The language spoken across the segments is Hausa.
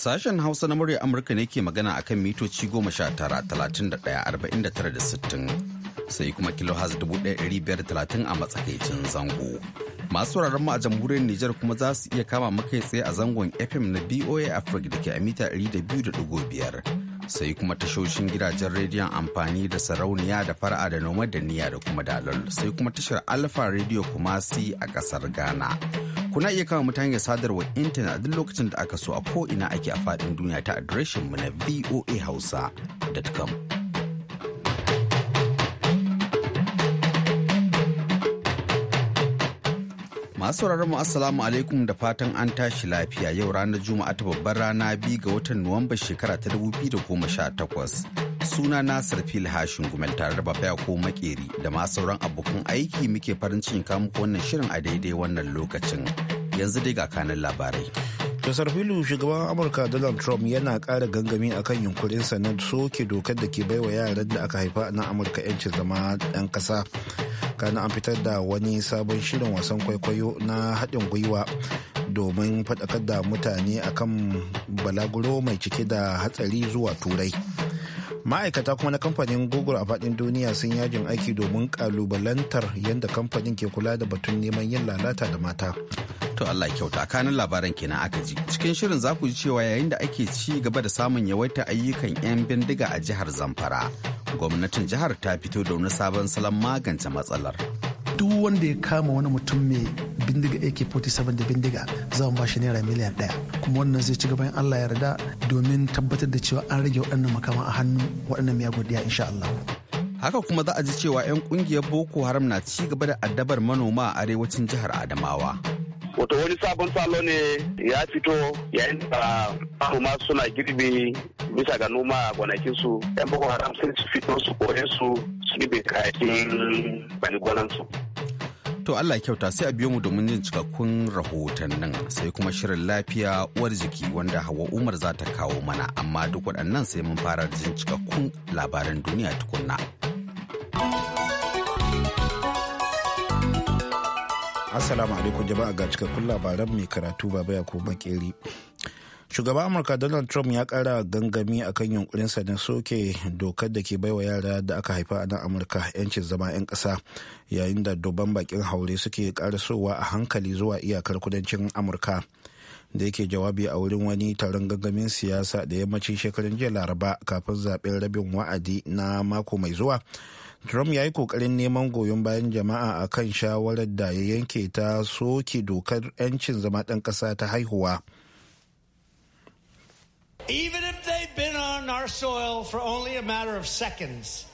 Sashen Hausa na murya Amurka ne ke magana akan mitoci goma sha tara talatin da daya arba'in da tara da sittin sai kuma kilohaz dubu daya biyar talatin a matsakaicin zango. Masu wuraren mu a jamhuriyar Nijar kuma za su iya kama makai tsaye a zangon FM na BOA Africa da ke a mita ɗari da biyu da biyar. sai kuma tashoshin gidajen rediyon amfani da sarauniya da fara'a da noma da niyya da kuma dalol sai kuma tashar alfa rediyo kuma si a kasar ghana Kuna iya kama mutane hanyar sadarwar intanet a duk lokacin da aka so a ko ina ake a faɗin duniya ta adireshin mu na voahausa.com. Masu mu Assalamu alaikum da fatan an tashi lafiya yau ranar Juma'a ta babbar rana biyu ga watan Nuwamba shekara ta 2018. suna na sarfil hashin gumel tare da babaya ko makeri da ma sauran abokan aiki muke farin cikin kamu wannan shirin a daidai wannan lokacin yanzu dai ga kanan labarai da sarfilu shugaban amurka donald trump yana kara gangami akan sa na soke dokar da ke baiwa yaran da aka haifa na amurka 'yancin zama 'yan kasa kana an fitar da wani sabon shirin wasan kwaikwayo na haɗin gwiwa domin faɗakar da mutane akan balaguro mai cike da hatsari zuwa turai ma'aikata kuma na kamfanin google a faɗin duniya sun yajin aiki domin kalubalantar yadda kamfanin ke kula da batun neman yin lalata da mata to allah kyauta kanin labaran kenan aka ji cikin shirin za ku ji cewa yayin da ake ci gaba da samun yawaita ayyukan 'yan bindiga a jihar zamfara gwamnatin jihar ta fito da wani sabon salon magance matsalar duk wanda ya kama wani mutum mai bindiga AK47 da bindiga za mu bashi naira miliyan daya kuma wannan zai ci in Allah ya yarda domin tabbatar da cewa an rage waɗannan makaman a hannu waɗannan miyagun godiya insha Allah. haka kuma za a ji cewa 'yan kungiyar boko haram na ci gaba da addabar manoma a arewacin jihar adamawa wato wani sabon salo ne ya fito yayin da manoma suna girbi bisa ga noma a su 'yan boko haram sun fito su kore su su girbe kayakin bani su. To Allah kyauta sai a biyo mu domin jin cikakkun rahotannin sai kuma shirin lafiya uwar jiki wanda Hauwa Umar za ta kawo mana amma duk waɗannan sai mun fara jin cikakkun labaran duniya tukunna. asalamu alaikum jama'a ga cikakkun labaran mai karatu baba ya ko bakeri. shugaban amurka donald trump ya kara gangami a akan yunkurinsa na soke dokar da ke baiwa yara da aka haifa a nan amurka 'yancin zama 'yan kasa yayin da dubban bakin haure suke karasowa a hankali zuwa iyakar kudancin amurka da yake jawabi a wurin wani taron gangamin siyasa da yammacin shekarun jiya laraba kafin zaben rabin wa'adi na mako mai zuwa trump ya yi kokarin neman goyon bayan jama'a a kan shawarar da ya yanke ta soke dokar 'yancin zama ɗan ƙasa ta haihuwa. even if they've been on our soil for only a matter of seconds,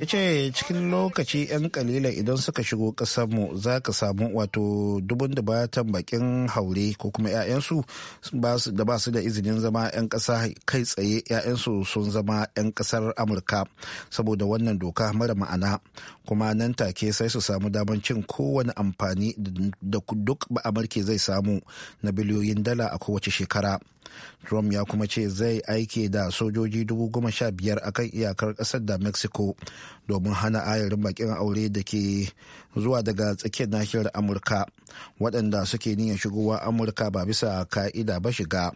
ya ce cikin lokaci 'yan kalilan idan suka shigo mu za ka samu wato dubun da ta bakin haure ko kuma 'ya'yansu da ba su da izinin zama 'yan ƙasa kai tsaye 'ya'yansu sun zama 'yan ƙasar amurka saboda wannan doka mara ma'ana kuma nan take sai su samu damar cin kowane amfani da duk ba amurke zai samu na biliyoyin dala a kowace shekara trump ya kuma ce zai aike da sojoji dubu sha biyar akan iyakar kasar da mexico domin hana ayarin bakin aure da ke zuwa daga tsakiyar nahiyar amurka waɗanda suke niyyar shigowa amurka ba bisa ka'ida ba shiga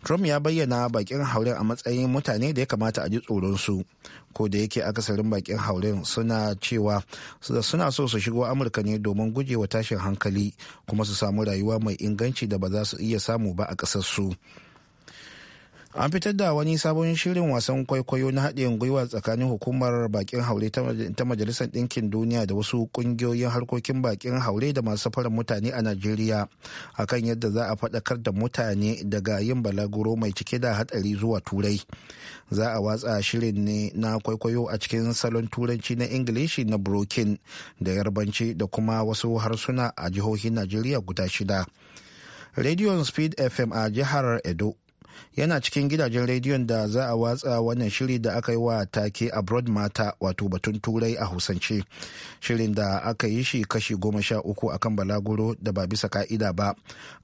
Trump ya bayyana bakin hauren a matsayin mutane da ya kamata a ji tsoronsu, ko da yake akasarin bakin hauren suna cewa suna so su shigo Amurka ne domin gujewa tashin hankali kuma su samu rayuwa mai inganci da ba za su iya samu ba a ƙasarsu. su. an fitar da wani sabon shirin wasan kwaikwayo na haɗin gwiwa tsakanin hukumar bakin haure ta majalisar ɗinkin duniya da wasu ƙungiyoyin harkokin bakin haure da masu fara mutane a najeriya akan yadda za a faɗakar da mutane daga yin balaguro mai cike da hatsari zuwa turai za a watsa shirin ne na kwaikwayo a cikin salon turanci na ingilishi na brokin da yarbanci da kuma wasu harsuna a jihohin najeriya guda shida rediyon speed fm a jihar edo yana cikin gidajen rediyon da za a watsa wannan shiri da aka yi wa take a abroad mata wato batun turai a husance shirin da aka yi shi kashi goma sha uku a kan balaguro da ba bisa ka'ida ba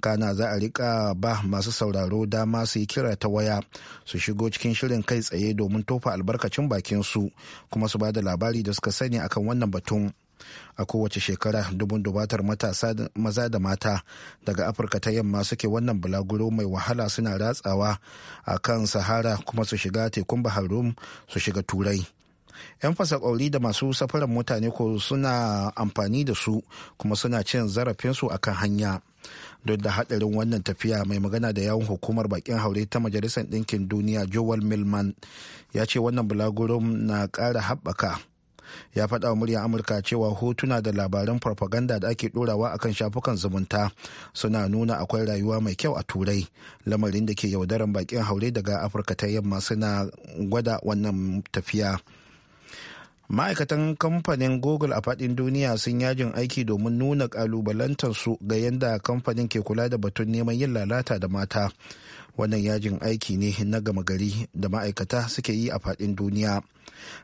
kana za a rika ba masu sauraro dama su yi kira ta waya su shigo cikin shirin kai tsaye domin tofa albarkacin bakin su kuma su ba da labari da suka sani akan wannan batun a kowace shekara dubun dubatar matasa maza da mata daga afirka ta yamma suke wannan bulaguro mai wahala suna ratsawa a kan sahara kuma su shiga tekun baharum su shiga turai 'yan fasakauri da masu safarar mutane ko suna amfani da su kuma suna cin zarafinsu a kan hanya duk da hadarin wannan tafiya mai magana da yawon hukumar bakin haure ta majalisar ɗinkin duniya joel milman ya ce wannan bulaguro na ƙara haɓaka ya faɗa wa muryar amurka cewa hotuna da labaran farfaganda da ake ɗorawa akan shafukan zumunta suna nuna akwai rayuwa mai kyau a turai lamarin da ke yaudaran bakin haure daga afirka ta yamma suna gwada wannan tafiya ma'aikatan kamfanin google a fadin duniya sun yajin aiki domin nuna kalubalantarsu ga yadda kamfanin ke kula da batun neman yin lalata da mata wannan yajin aiki ne na gama gari da ma'aikata suke yi a fadin duniya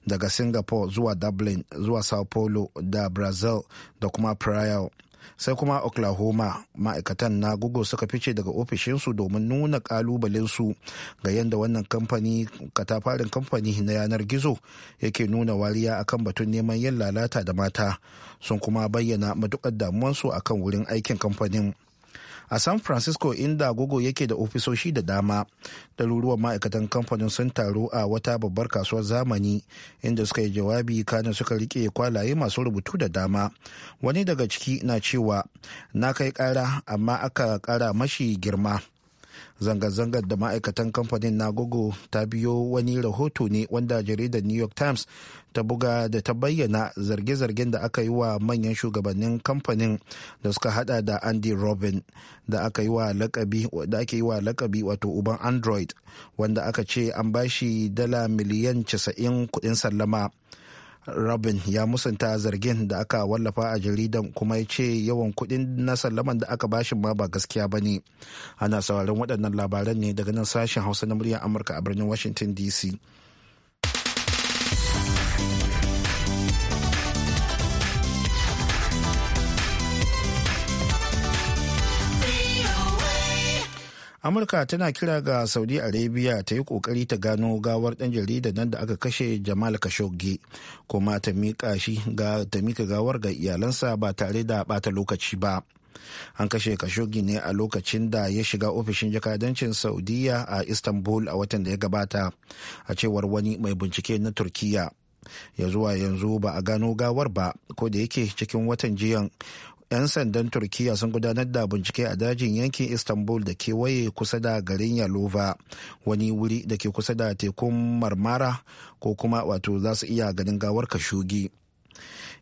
daga singapore zuwa dublin zuwa sao paulo da brazil da kuma prior sai kuma oklahoma ma'aikatan na google suka fice daga ofishinsu domin nuna kalubalensu ga yadda wannan kamfani katafarin kamfani na yanar gizo yake nuna wariya akan batun neman yin lalata da mata sun kuma bayyana matukar damuwansu akan wurin aikin kamfanin a san francisco inda gogo yake da ofisoshi da dama daruruwan ma'aikatan kamfanin sun taru a wata babbar kasuwar zamani inda suka yi jawabi kana suka rike kwalaye masu rubutu da dama wani daga ciki na cewa na kai ƙara amma aka ƙara mashi girma zanga-zangar da ma'aikatan kamfanin na gugu ta biyo wani rahoto ne wanda jaridar new york times ta buga da ta bayyana zarge-zargen da aka yi wa manyan shugabannin kamfanin da suka hada da andy robin da aka yi wa lakabi ake yi wa lakabi wato uban android wanda aka ce an bashi dala miliyan 90 kudin sallama robin ya musanta zargin da aka wallafa a jaridan kuma ya ce yawan kuɗin na sallaman da aka bashin ma ba gaskiya ba ne ana sauraron waɗannan labaran ne daga nan sashen hausa na muryar amurka a birnin washington dc amurka tana kira ga saudi arabia ta yi kokari ta gano gawar dan jarida nan da aka kashe jamal khashoggi kuma ta mika shi ga ta mika gawar ga iyalansa ba tare da bata lokaci ba an kashe khashoggi ne a lokacin da ya shiga ofishin jakadancin saudiya a istanbul a watan da ya gabata a cewar wani mai bincike na turkiya ya zuwa yanzu ba a gano gawar ba ko da yake cikin watan jiyan 'yan sandan turkiya sun gudanar da bincike a dajin yankin istanbul da kewaye kusa da garin yalova wani wuri da ke kusa da tekun marmara ko kuma wato za su iya ganin gawar kashugi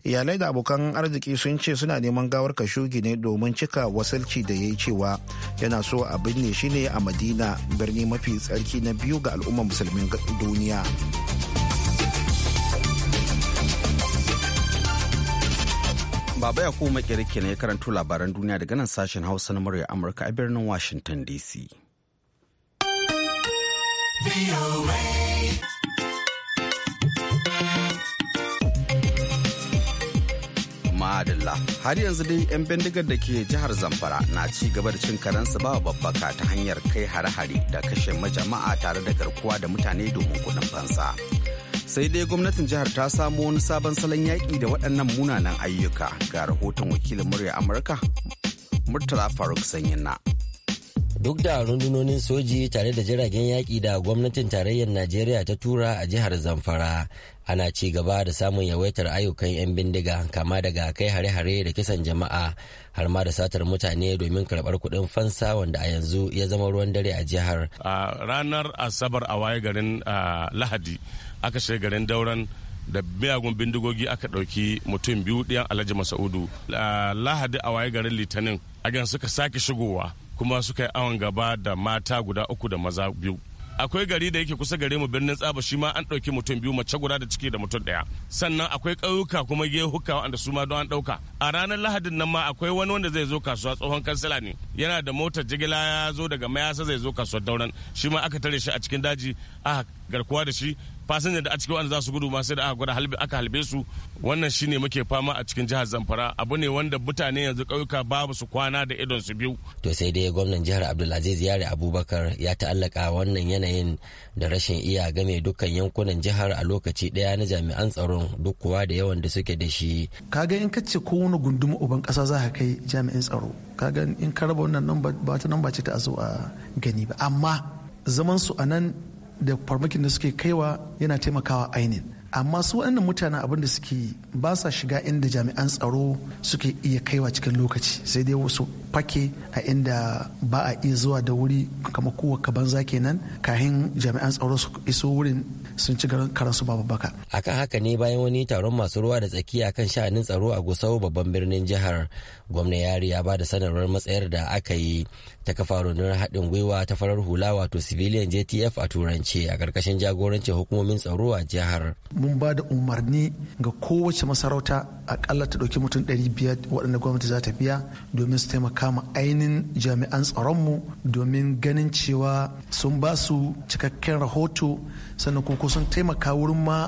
iyalai da abokan arziki sun ce suna neman gawar kashugi ne domin cika wasalci da ya yi cewa yana so a binne shi ne a madina birni mafi tsarki na biyu ga al'ummar musulmin duniya. Baba ya kuma makirki ne karanto labaran duniya daga nan sashen Hausa na murya Amurka a birnin Washington DC. Ma'adalla har yanzu dai 'yan bindigar da ke jihar Zamfara na ci gaba da cin karensu ba babbaka ta hanyar kai hare hari da kashe majama'a tare da garkuwa da mutane domin kuɗin fansa. sai dai gwamnatin jihar ta samo wani sabon salon yaƙi da waɗannan munanan ayyuka ga rahoton wakilin murya amurka murtala faruk sanyina duk da rundunonin soji tare da jiragen yaƙi da gwamnatin tarayyar najeriya ta tura a jihar zamfara ana ci gaba da samun yawaitar ayyukan 'yan bindiga kama daga kai hare-hare da kisan jama'a har ma da satar mutane domin karɓar kuɗin fansa wanda a yanzu ya zama ruwan dare a jihar. ranar asabar a waye garin lahadi aka shiga garin dauran da biyagun bindigogi aka ɗauki mutum biyu ɗiyan alhaji masaudu lahadi a waye garin litinin agan suka sake shigowa kuma suka yi awon gaba da mata guda uku da maza biyu akwai gari da yake kusa gare mu birnin tsaba shi ma an ɗauki mutum biyu mace guda da ciki da mutum ɗaya sannan akwai ƙauyuka kuma gehuka wanda su ma don an ɗauka a ranar lahadin nan ma akwai wani wanda zai zo kasuwa tsohon kansila ne yana da motar jigila ya zo daga mayasa zai zo kasuwar dauran shi ma aka tare shi a cikin daji a garkuwa da shi fasinja da a cikin wanda za su gudu ma sai da aka gwada aka halbe su wannan shine muke fama a cikin jihar Zamfara abu ne wanda mutane yanzu kauyuka babu su kwana da idon su biyu to sai dai gwamnan jihar Abdulaziz Yare Abubakar ya ta'allaka wannan yanayin da rashin iya game dukkan yankunan jihar a lokaci daya na jami'an tsaron duk kuwa da yawan da suke da shi kaga in kace ko wani gunduma uban kasa za ka kai jami'in tsaro kaga in ka raba wannan ba ta nan ba ce ta a a gani ba amma zaman su a nan da farmakin da suke kaiwa yana taimakawa ainihin amma su waɗannan mutanen abin da suke ba sa shiga inda jami'an tsaro suke iya kaiwa cikin lokaci sai dai wasu fake a inda ba a iya zuwa da wuri kamar kowa banza kenan kahin jami'an tsaro su iso wurin sun ci karansu babu baka akan haka ne bayan wani taron masu ruwa da tsakiya kan sha'anin tsaro a gusau babban birnin jihar gwamna yari ya ba da sanarwar matsayar da aka yi ta kafa rundunar haɗin gwiwa ta farar hula wato civilian jtf a turance a ƙarƙashin jagorancin hukumomin tsaro a jihar mun ba da umarni ga kowace masarauta akalla ta ɗauki mutum 500 waɗanda gwamnati za ta biya domin su taimaka ma ainihin jami'an tsaronmu domin ganin cewa sun ba su cikakken rahoto sannan kuma sun taimaka wurin ma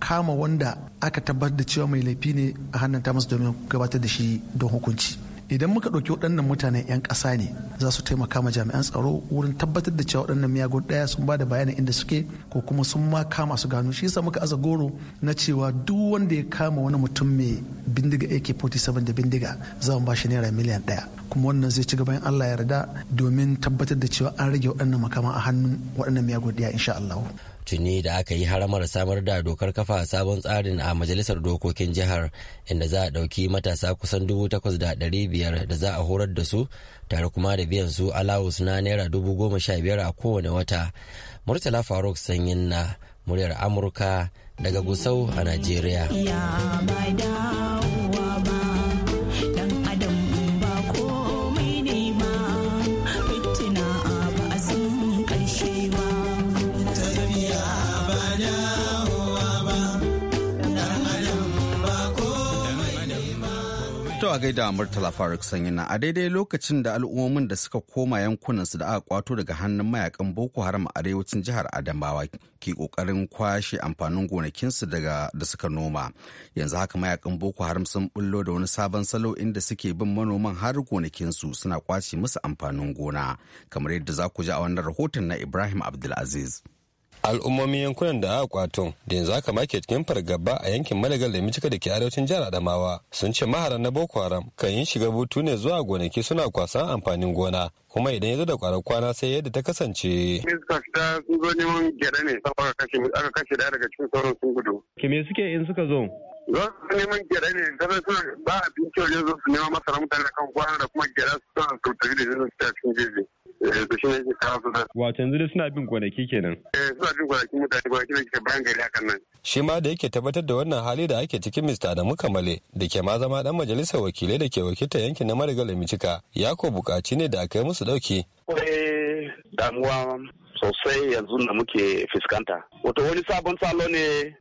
kama wanda aka tabbatar da cewa mai laifi ne a hannun ta masu domin gabatar da shi don hukunci. idan muka ɗauki waɗannan mutanen 'yan ƙasa ne za su taimaka ma jami'an tsaro wurin tabbatar da cewa waɗannan miyagun ɗaya sun ba da bayanin inda suke ko kuma sun ma kama su gano shi yasa muka aza goro na cewa duk wanda ya kama wani mutum mai bindiga AK47 da bindiga za mu ba shi naira miliyan ɗaya kuma wannan zai ci gaba in Allah ya yarda domin tabbatar da cewa an rage waɗannan makama a hannun waɗannan miyagun ɗaya insha allahu. tuni da aka yi haramar samar da dokar kafa sabon tsarin a majalisar dokokin jihar inda za a ɗauki matasa kusan dubu takwas da ɗari biyar da za a horar da su tare kuma da biyan su alawus na naira dubu goma sha biyar a kowane wata murtala faruk sanyin na muryar amurka daga gusau a najeriya a gaida Murtala Faruk Sanyi na a daidai lokacin da al'ummomin da suka koma yankunansu da aka kwato daga hannun mayakan Boko Haram a arewacin jihar Adamawa ke kokarin kwashe amfanin gonakinsu daga da suka noma. Yanzu haka mayakan Boko Haram sun bullo da wani sabon salo inda suke bin manoman har gonakinsu suna kwace musu amfanin gona. Kamar yadda za ku ji a wannan rahoton na Ibrahim Abdulaziz. al'ummomin yankunan da aka kwaton da yanzu aka make cikin fargaba a yankin madagal da micika da ke arewacin jihar adamawa sun ce maharan na boko haram kan yin shiga butu ne zuwa gonaki suna kwasan amfanin gona kuma idan ya zo da kwarar kwana sai yadda ta kasance. Me fita sun zo neman gyaɗa ne aka kashe aka kashe ɗaya daga cikin sauran sun gudu. Ki me suke in suka zo? Za su neman gyaɗa ne kada suna ba abinci wajen zo su nema masara mutane kan kwana da kuma gyada suna su tafi da su cikin jeji. Eh, to shi ne ke kawo su da. suna bin gonaki kenan. Eh suna bin gonaki mutane gonaki da ke bayan gari hakan nan. Shi ma da yake tabbatar da wannan hali da ake cikin Mr. Adamu Kamale da ke ma zama dan majalisar wakilai da ke wakiltar yankin na Marigal Micika ya ko bukaci ne da aka yi musu dauki. Kwarai damuwa sosai yanzu da muke fuskanta. Wato wani sabon salo ne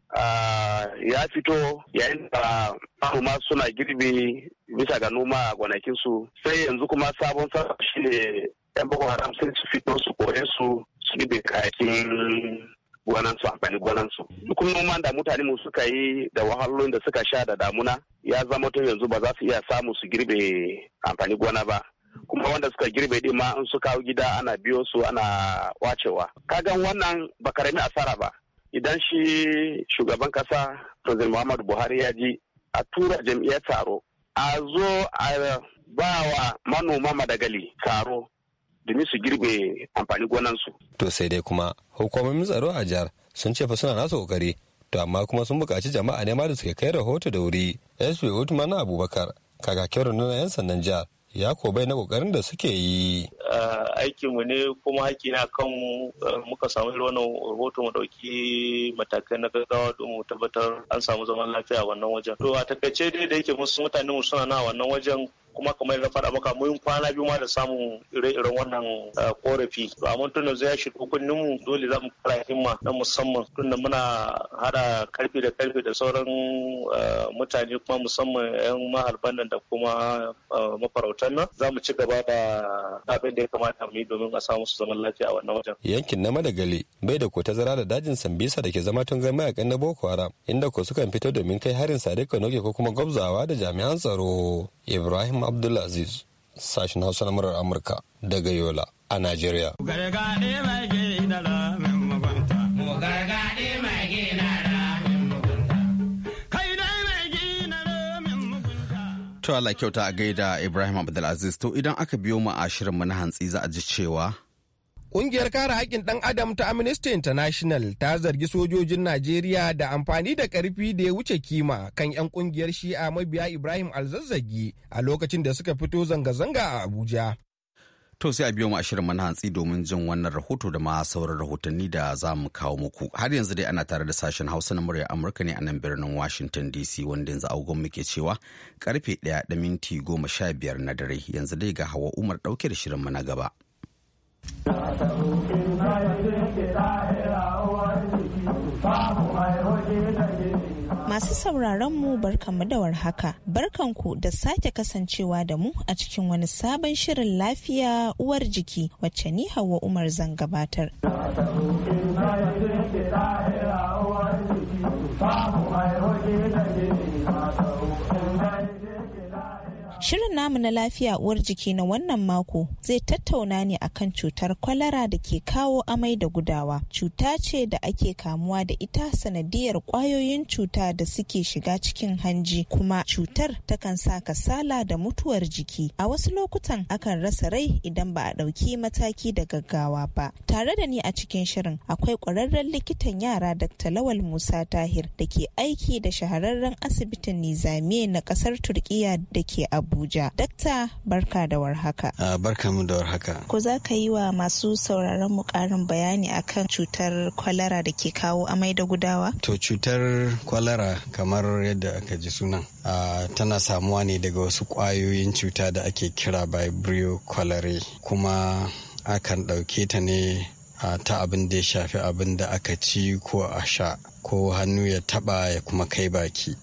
ya fito yayin da manoma suna girbi bisa ga noma a gonakinsu sai yanzu kuma sabon salo shine 'yan boko haram sai su fito su kore su su ɗibe kayakin su, amfani su. duk noman da mutane mu suka yi da wahalolin da suka sha da damuna ya zama to yanzu ba za su iya samu su girbe amfani gona ba kuma wanda suka girbe din ma in su kawo gida ana biyo su ana wacewa kagan wannan ba karami asara ba idan shi shugaban kasa president muhammadu buhari ya ji a tura jam'iyyar taro a zo a ba wa manoma madagali taro domin su girbe amfani gonansu. To sai dai kuma hukumomin tsaro a jihar sun ce fa suna nasu kokari to amma kuma sun buƙaci jama'a ne ma da suke kai rahoto da wuri. SP Utman Abubakar kakakin rundunar 'yan sandan jihar ya kobai na kokarin da suke yi. Aikinmu ne kuma haƙi na kan eh, muka samu irin wannan rahoto mu dauki matakai na gaggawa don mu tabbatar an samu zaman lafiya a wannan wajen. To a takaice dai da yake musu mutane mu suna na wannan wajen kuma kamar na faɗa maka mun kwana biyu ma da samun ire-iren wannan eh, korafi to amma tun da ya shigo mu dole za mu fara himma na musamman tun muna hada karfi da karfi da sauran eh, mutane kuma musamman yan mahalban nan da kuma eh, mafarautan nan za mu ci gaba da abin da ya kamata mu yi domin a samu su zaman lafiya a wannan wajen yankin na madagali bai da ko tazara da dajin sambisa da ke zama tun ga mayakan na boko haram inda ko sukan fito domin kai harin sadika noke ko kuma gwabzawa da jami'an tsaro Ibrahim Abdulaziz, sashen Hausa na murar Amurka daga Yola a Najeriya. To Allah kyauta a gaida Ibrahim Abdulaziz to idan aka biyo mu a mu na hantsi za a ji cewa Ƙungiyar kare haƙƙin ɗan Adam ta Amnesty International ta zargi sojojin Najeriya da amfani da ƙarfi da ya wuce kima kan 'yan ƙungiyar Shi'a mabiya Ibrahim Alzazzagi a lokacin da suka fito zanga-zanga a Abuja. To sai a biyo mu ashirin mana hantsi domin jin wannan rahoto da ma sauran rahotanni da za mu kawo muku. Har yanzu dai ana tare da sashen Hausa na murya Amurka ne a nan birnin Washington DC wanda yanzu agogon muke cewa karfe ɗaya da minti goma na dare yanzu dai ga hawa Umar ɗauke da shirin mana gaba. Masu sauraron mu barkanmu da warhaka. ku da sake kasancewa da mu a cikin wani sabon shirin lafiya uwar jiki wacce ni Hauwa Umar zan gabatar. Shirin namu na lafiya uwar jiki na wannan mako zai tattauna ne akan cutar kwalara da ke kawo amai da gudawa. Cuta ce da ake kamuwa da ita sanadiyar kwayoyin cuta da suke shiga cikin hanji kuma cutar takan sa kasala da mutuwar jiki. A wasu lokutan akan rasa rai idan ba a ɗauki mataki da gaggawa ba. Tare da ni a cikin shirin akwai ƙwararren likitan yara Dr. Lawal Musa Tahir da ke aiki da shahararren asibitin Nizamiye na ƙasar Turkiya da ke Abu. Abuja. Dakta barka da warhaka. Uh, barka mu da warhaka. Ko za ka yi wa masu sauraron mu karin bayani akan cutar kwalara da ke kawo amai da gudawa? To cutar kwalara kamar yadda aka ji sunan uh, tana samuwa ne daga wasu kwayoyin cuta da ake kira vibrio kwalare kuma akan ɗauke ta ne uh, ta abin da ya shafi abin da aka ci ko a sha. ko hannu ya taba ya kuma kai baki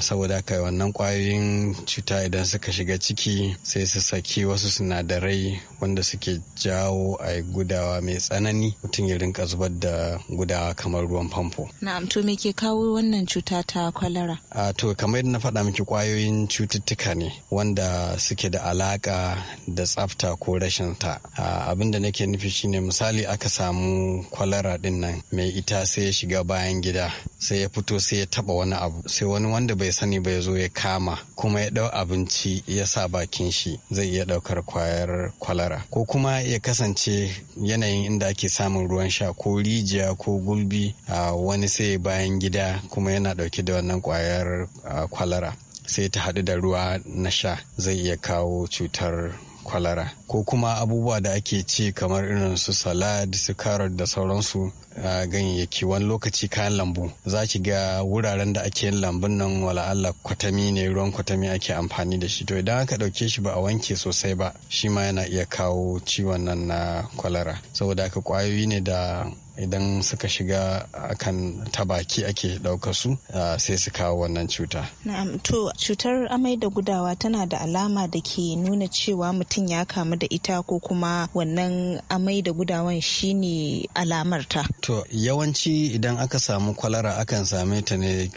saboda haka wannan kwayoyin cuta idan suka shiga ciki sai su saki wasu sinadarai wanda suke jawo a gudawa mai tsanani mutum ya rinka zubar da gudawa kamar ruwan famfo na'am to me ke kawo wannan cuta ta kwalara a to kamar yadda na faɗa miki kwayoyin cututtuka ne wanda suke da alaka da tsafta ko rashin ta abin da nake nufi shine misali aka samu kwalara din mai ita sai ya shiga bayan gida sai ya fito sai ya taba wani abu sai wani wanda bai sani ba ya zo ya kama kuma ya dau abinci ya sa bakin shi zai iya daukar kwayar kwalara ko kuma ya kasance yanayin inda ake samun ruwan sha ko rijiya ko gulbi a wani sai bayan gida kuma yana dauke da wannan kwayar kwalara sai ta haɗu da ruwa na sha zai iya kawo cutar kwalara ko kuma abubuwa da ake ci kamar irin su salad su carrot da sauransu a ganyayyaki wani lokaci kayan lambu za ki ga wuraren da ake yin lambun nan wala Allah kwatami ne ruwan kwatami ake amfani da shi to idan aka ɗauke shi ba a wanke sosai ba shi ma yana iya kawo ciwon nan na kwalara saboda haka kwayoyi ne da idan suka shiga akan tabaki ake ɗaukar su sai su kawo wannan cuta. Na'am to cutar amai da gudawa tana da alama da ke nuna cewa mutum ya kamu da ita ko kuma wannan amai da gudawan shine alamarta. To yawanci idan aka samu kwalara akan same ta ne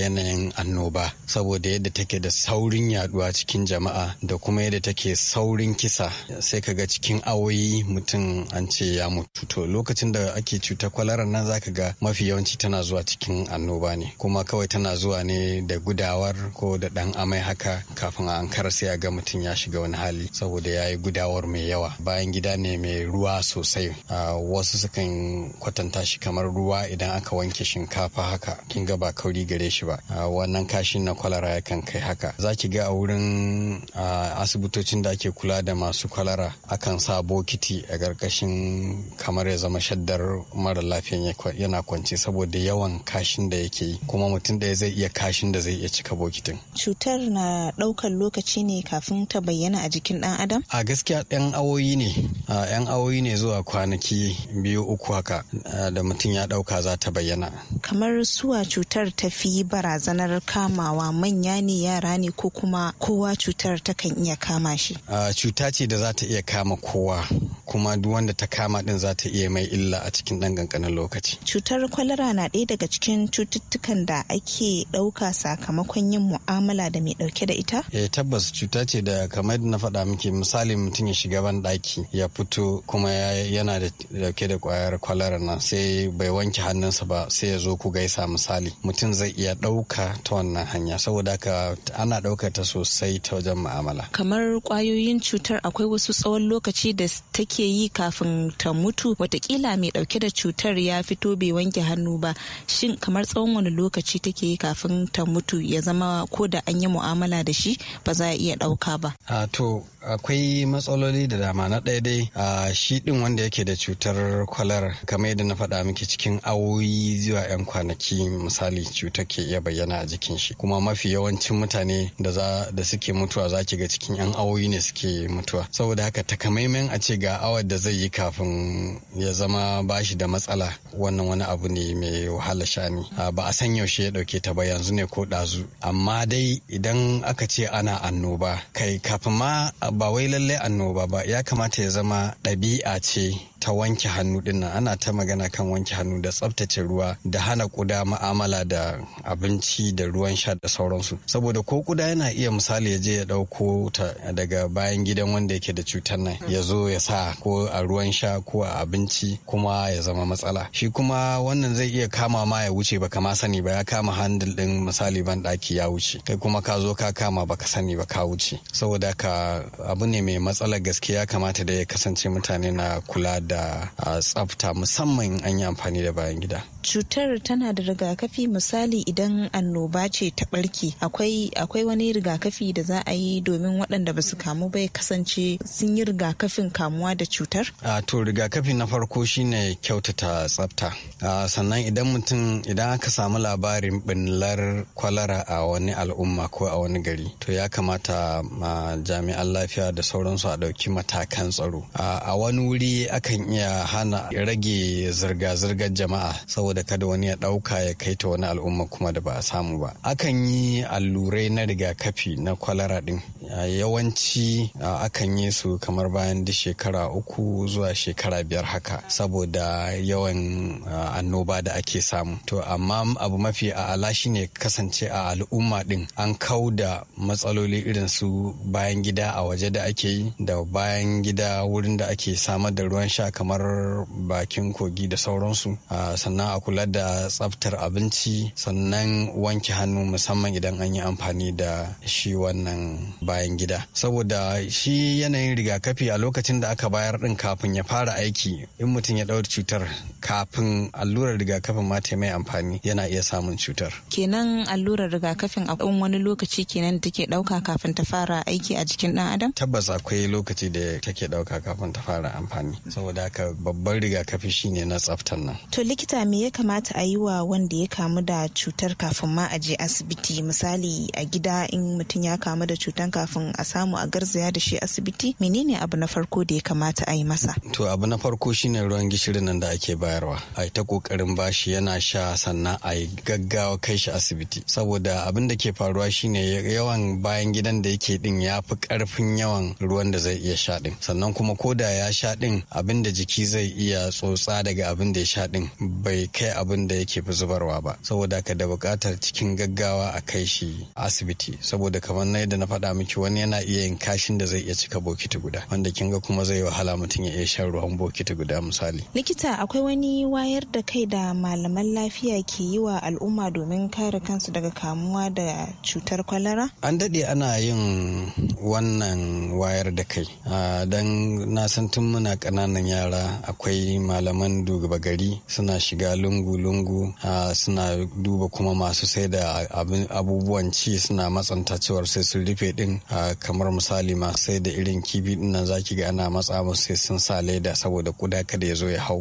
yanayin annoba saboda yadda take da saurin yaduwa cikin jama'a da kuma yadda take saurin kisa sai kaga cikin awoyi mutum an ce ya mutu. To lokacin da ake cutar kwalara nan za ka ga mafi yawanci tana zuwa cikin annoba ne kuma kawai tana zuwa ne da gudawar ko da ɗan amai haka kafin a ankara sai a ga mutum ya shiga wani hali saboda ya yi gudawar mai yawa bayan gida ne mai ruwa sosai wasu sukan kwatanta shi kamar ruwa idan aka wanke shinkafa haka kin ga ba kauri gare shi ba wannan kashi na kwalara yakan kai haka za ki ga a wurin asibitocin da ake kula da masu kwalara akan sa bokiti a ƙarƙashin kamar ya zama shaddar mara lafiyan yana kwance saboda yawan kashin da yake yi kuma mutum da zai iya kashin da zai iya cika bokitin cutar na ɗaukar lokaci ne kafin ta bayyana a jikin ɗan adam a gaskiya yan awoyi ne yan awoyi ne zuwa kwanaki biyu uku haka da mutum ya ɗauka za ta bayyana kamar suwa cutar ta fi barazanar kamawa manya ne yara ne ko kuma kowa cutar ta kan iya kama shi cuta ce da za ta iya kama kowa kuma duk wanda ta kama din za ta iya mai illa a cikin cikin ɗan ƙanƙanin lokaci. Cutar kwalara na ɗaya daga cikin cututtukan da ake ɗauka sakamakon yin mu'amala da mai ɗauke da ita? Eh tabbas cuta ce da kamar na faɗa miki misali mutum ya shiga ban ɗaki ya fito kuma yana da ɗauke da ƙwayar kwalara na sai bai wanke hannunsa ba sai ya zo ku gaisa misali mutum zai iya ɗauka ta wannan hanya saboda haka ana ɗauka ta sosai ta wajen mu'amala. Kamar ƙwayoyin cutar akwai wasu tsawon lokaci da take yi kafin ta mutu watakila mai ɗauke da cutar ya fito bai wanke hannu ba shin kamar tsawon wani lokaci take kafin ta mutu ya zama ko da an yi mu'amala da shi ba za a iya ɗauka ba to akwai matsaloli da dama na ɗaya dai a shi ɗin wanda yake da cutar kwalar kamar yadda na faɗa miki cikin awoyi zuwa 'yan kwanaki misali cutar ke iya bayyana a jikin shi kuma mafi yawancin mutane da za da suke mutuwa za ki ga cikin 'yan awoyi ne suke mutuwa saboda haka takamaiman a ce ga awar da zai yi kafin ya zama bashi shi da matsala wannan wani abu ne mai wahala shani ah, ba a san yaushe ya dauke ta ba yanzu ne ko dazu amma dai idan aka ce ana annoba kai kafin ma ah, ba wai lallai annoba ba ya kamata ya zama ɗabi'a ce ta wanke hannu din ana ta magana kan wanke hannu da tsaftace ruwa da hana kuda ma'amala da abinci da ruwan sha da sauransu saboda ko kuda yana iya misali ya je ya dauko ta daga bayan gidan wanda yake da cutar nan ya zo ya sa ko a ruwan sha ko a abinci kuma ya zama matsala shi kuma wannan zai iya kama ma ya wuce baka ma sani ba ya kama handil din misali ban daki ya wuce kai kuma ka zo ka kama baka sani ba ka wuce saboda ka abu ne mai matsalar gaskiya kamata da ya kasance mutane na kula da tsafta musamman an yi amfani da bayan gida. Cutar tana da rigakafi misali idan annoba ce ta barke akwai wani rigakafi da za a yi domin waɗanda ba su kamu bai kasance sun yi rigakafin kamuwa da cutar? to rigakafi na farko shine kyautata tsafta. sannan idan mutum idan aka samu labarin binlar kwalara a wani al'umma ko a wani gari to ya kamata jami'an lafiya da sauransu a ɗauki matakan tsaro. A wani wuri akan zan iya hana rage zirga-zirgar jama'a saboda kada wani ya ɗauka ya kai ta wani al'umma kuma da ba a samu ba akan yi allurai na rigakafi na kwalara ɗin yawanci akan yi su kamar bayan da shekara uku zuwa shekara biyar haka saboda yawan annoba da ake samu to amma abu mafi a'ala shine kasance a al'umma din an kau da matsaloli irin su bayan gida a waje da ake yi da bayan gida wurin da ake samar da ruwan sha kamar bakin kogi da sauransu sannan a kula da tsaftar abinci sannan wanke hannu musamman idan an yi amfani da shi wannan bayan gida saboda shi yanayin rigakafi a lokacin da aka bayar din kafin ya fara aiki in mutum ya ɗaura cutar kafin allurar rigakafin ma ta mai amfani yana iya samun cutar kenan allurar rigakafin a wani lokaci kenan da take ɗauka kafin ta fara aiki a jikin ɗan adam tabbas akwai lokaci da take ɗauka kafin ta fara amfani saboda da aka babban rigakafi shine na tsaftan nan to likita me ya kamata a yi wa wanda ya kamu da cutar kafin ma a je asibiti misali a gida in mutum ya kamu da cutar kafin a samu a garzaya da shi asibiti menene abu na farko da ya kamata a yi masa to abu na farko shine ruwan gishirin nan da ake bayarwa a ta kokarin bashi yana sha sannan a yi gaggawa kai shi asibiti saboda abin da ke faruwa shine yawan bayan gidan da yake din ya fi karfin yawan ruwan da zai iya sha din sannan kuma ko da ya sha din abin da da jiki zai iya tsotsa daga abin da ya sha din bai kai abin da yake fi zubarwa ba saboda ka da buƙatar cikin gaggawa a kai shi asibiti saboda kamar na yadda na faɗa miki wani yana iya yin kashin da zai iya cika bokiti guda wanda kin ga kuma zai wahala mutum ya iya shan ruwan bokiti guda misali likita akwai wani wayar da kai da malaman lafiya ke yi wa al'umma domin kare kansu daga kamuwa da cutar kwalara an daɗe ana yin wannan wayar da kai ah, don na san tun muna ƙananan yara yara akwai malaman duba gari suna shiga lungu-lungu suna duba kuma masu sai da abubuwan ci suna matsanta cewar sai sun rufe din kamar misali masu sai da irin kibi din nan zaki ga ana matsa musu sai sun sa leda saboda kuda kada ya zo ya hau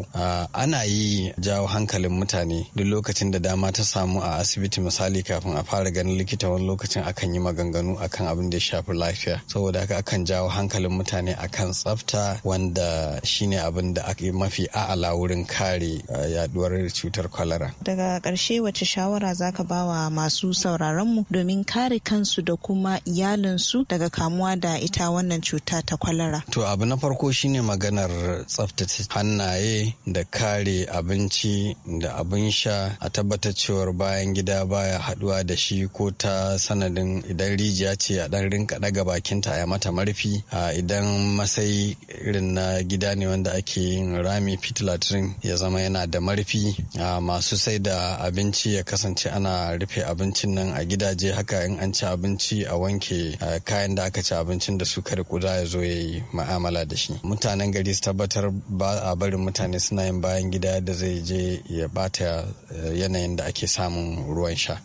ana yi jawo hankalin mutane duk lokacin da dama ta samu a asibiti misali kafin a fara ganin likita wani lokacin akan yi maganganu akan abin da ya shafi lafiya saboda haka akan jawo hankalin mutane akan tsafta wanda shine abin da ake mafi a'ala wurin kare uh, yaduwar cutar kwalara daga karshe wace shawara zaka bawa masu sauraron mu domin kare kansu da kuma iyalinsu daga kamuwa da ita wannan cuta ta kwalara to abu na farko shine maganar tsaftace hannaye da kare abinci da abin sha a tabbatar cewar bayan gida baya haduwa da shi ko ta sanadin idan rijiya ce a dan rinka daga bakinta a mata marfi a idan masai irin na gida ne wanda da ake yin rami pit latrine ya zama yana da marfi a masu sai da abinci ya kasance ana rufe abincin nan a gidaje haka in an ci abinci a wanke kayan da aka ci abincin da su kare kuda ya zo ya yi ma'amala da shi mutanen gari su tabbatar ba a barin mutane suna yin bayan gida da zai je ya bata eh, yanayin da ake samun ruwan sha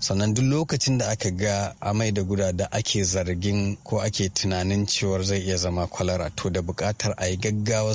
sannan duk lokacin da aka ga amai da guda da ake zargin ko ake tunanin cewar zai iya zama kwalara to da bukatar a yi gaggawa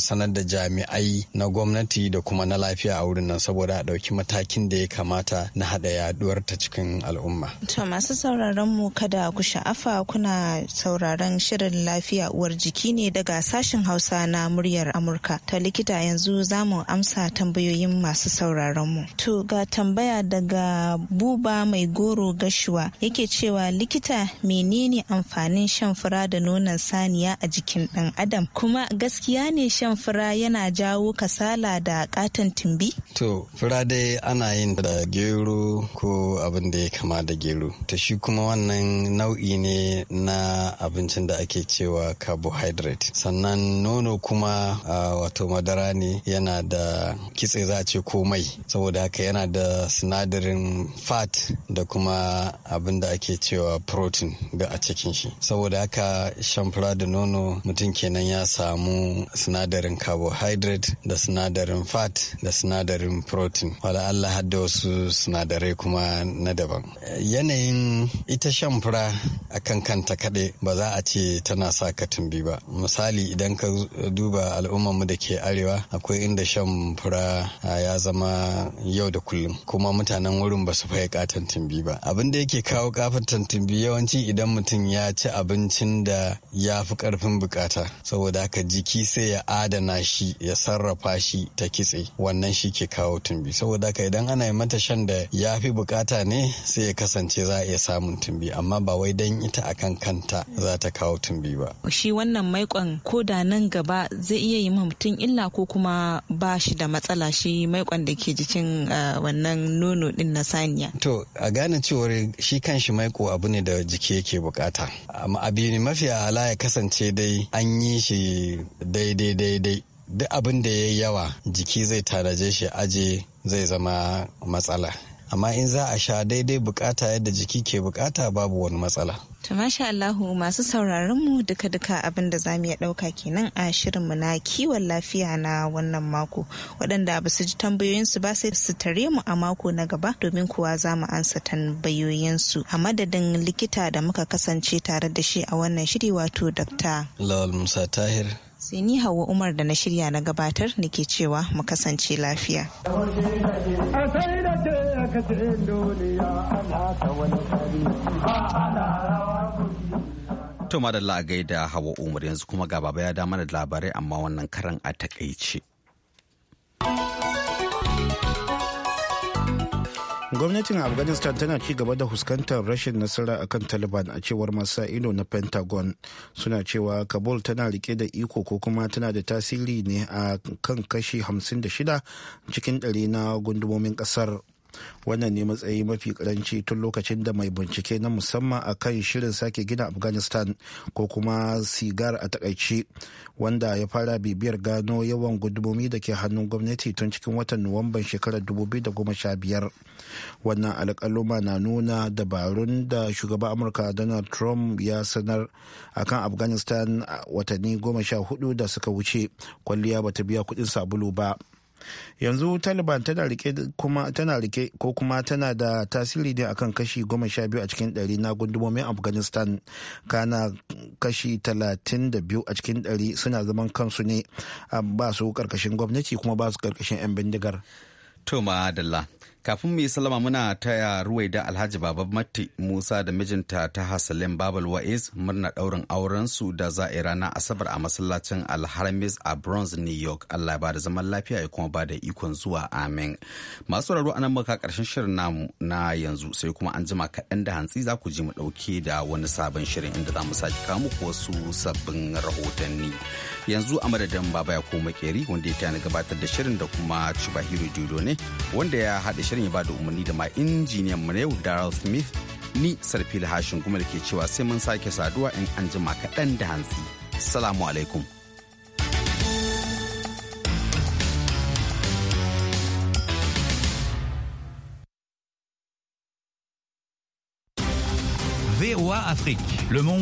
sanar da jami'ai na gwamnati da kuma na lafiya a wurin nan saboda a ɗauki matakin da ya kamata na haɗa yaduwar ta cikin al'umma. To masu sauraron mu kada ku sha'afa kuna sauraron shirin lafiya uwar jiki ne daga sashen Hausa na muryar Amurka. Ta likita yanzu za mu amsa tambayoyin masu sauraron mu. To ga tambaya daga buba mai goro gashuwa yake cewa likita menene amfanin shan fura da nonon saniya a jikin ɗan adam kuma gaskiya ne shan fura yana jawo kasala da katon tumbi? To fura dai ana yin da gero ko abin da ya kama da gero. ta shi kuma wannan nau'i ne na abincin da ake cewa carbohydrate. Sannan nono kuma a wato madara ne yana da kitse za a ce ko mai saboda haka yana da sinadarin fat da kuma abin da ake cewa protein ga a cikin shi saboda haka shan fura da nono mutum kenan ya samu sinadarin carbohydrate da sinadarin fat da sinadarin protein wala Allah har da wasu sinadarai kuma na daban yanayin ita shan fura akan kanta kaɗai ba za a ce tana sa ka tumbi ba misali idan ka duba mu da ke arewa akwai inda shan fura ah, ya zama yau da kullum kuma mutanen wurin ba su faye katon tumbi ba abin da yake kawo kafin tumbi yawanci idan mutum ya ci abincin da ya fi karfin bukata saboda haka jiki sai ya adana shi ya sarrafa shi ta kitse wannan shi ke kawo tumbi saboda haka idan ana yi mata shan da ya fi bukata ne sai ya kasance za a iya samun tumbi amma ba wai dan ita akan kanta za ta kawo tumbi ba shi wannan maikon ko da nan gaba zai iya yi mutum illa ko kuma ba shi da matsala shi maikon da ke jikin eh, wannan nono din na sani manya. To a gane cewar shi kan shi maiko abu ne da jiki yake bukata. Amma ne mafi ala ya kasance dai an yi shi daidai daidai. Duk abin da ya yawa jiki zai tanaje shi aje zai zama matsala. amma in za a sha daidai bukata yadda jiki ke bukata babu wani matsala. To masha Allahu masu sauraron mu duka-duka abin da za mu iya ɗauka kenan a mu na kiwon lafiya na wannan mako. Waɗanda ba su ji tambayoyin su ba sai su tare mu a mako na gaba domin kuwa za mu ansa tambayoyin su A madadin likita da muka kasance tare da shi a wannan shiri wato Dr. Lawal Musa Tahir. sai ni hawa umar da na shirya na gabatar nake cewa mu kasance lafiya To madalla a gaida hawa umar yanzu kuma ga baba ya da mana labarai amma wannan karan a takaice. gwamnatin afghanistan tana ci gaba da huskantar rashin nasara akan taliban a cewar masu ido na pentagon suna cewa kabul tana rike da iko ko kuma tana da tasiri ne a kan kashi 56 cikin ɗari na gundumomin ƙasar wannan ne matsayi mafi karanci tun lokacin da mai bincike na musamman a kan shirin sake gina afghanistan ko kuma sigar a takaici wanda ya fara bibiyar gano yawan gudumomi da ke hannun gwamnati tun cikin watan nuwamban shekarar 2015 wannan alƙaluma na nuna dabarun da shugaban amurka donald trump ya sanar a kan afghanistan watanni goma sha hudu da suka wuce kwalliya bata biya kuɗin sabulu ba. yanzu taliban tana rike kuma tana rike ko kuma tana da tasiri ne akan kashi goma sha biyu a cikin ɗari na gundumomin afghanistan kana kashi talatin da biyu a cikin ɗari suna zaman kansu ne ba su karkashin gwamnati kuma ba su karkashin 'yan bindigar to ma'adalla kafin mu yi salama muna taya ruwaida alhaji baban matti musa da mijinta ta hasalin babal wa'iz murna daurin su da za a ranar asabar a masallacin alharmis a bronze new york allah ba da zaman lafiya ya kuma ba da ikon zuwa amin masu raro anan muka karshen shirin namu na yanzu sai kuma an jima kaɗan da hantsi za ku ji mu ɗauke da wani sabon shirin inda za mu sake kawo muku wasu sabbin rahotanni yanzu a madadin baba ya koma keri wanda ya tana gabatar da shirin da kuma chubahiro dido ne wanda ya haɗa shirin ya bada umarni da ma injiniyan mu na yau Daryl Smith ni Sarfil Hashin kuma da ke cewa sai mun sake saduwa in an jima kaɗan da hantsi. Salamu alaikum. VOA Afrique. Le monde